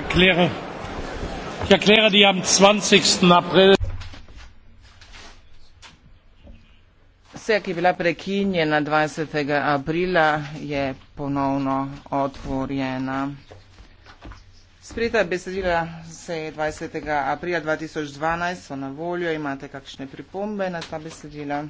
erkläre, ich erkläre die am 20. April. Vse, ki je bila prekinjena 20. aprila, je ponovno otvorjena. Sprita besedila se je 20. aprila 2012, so na voljo, imate kakšne pripombe na ta besedila?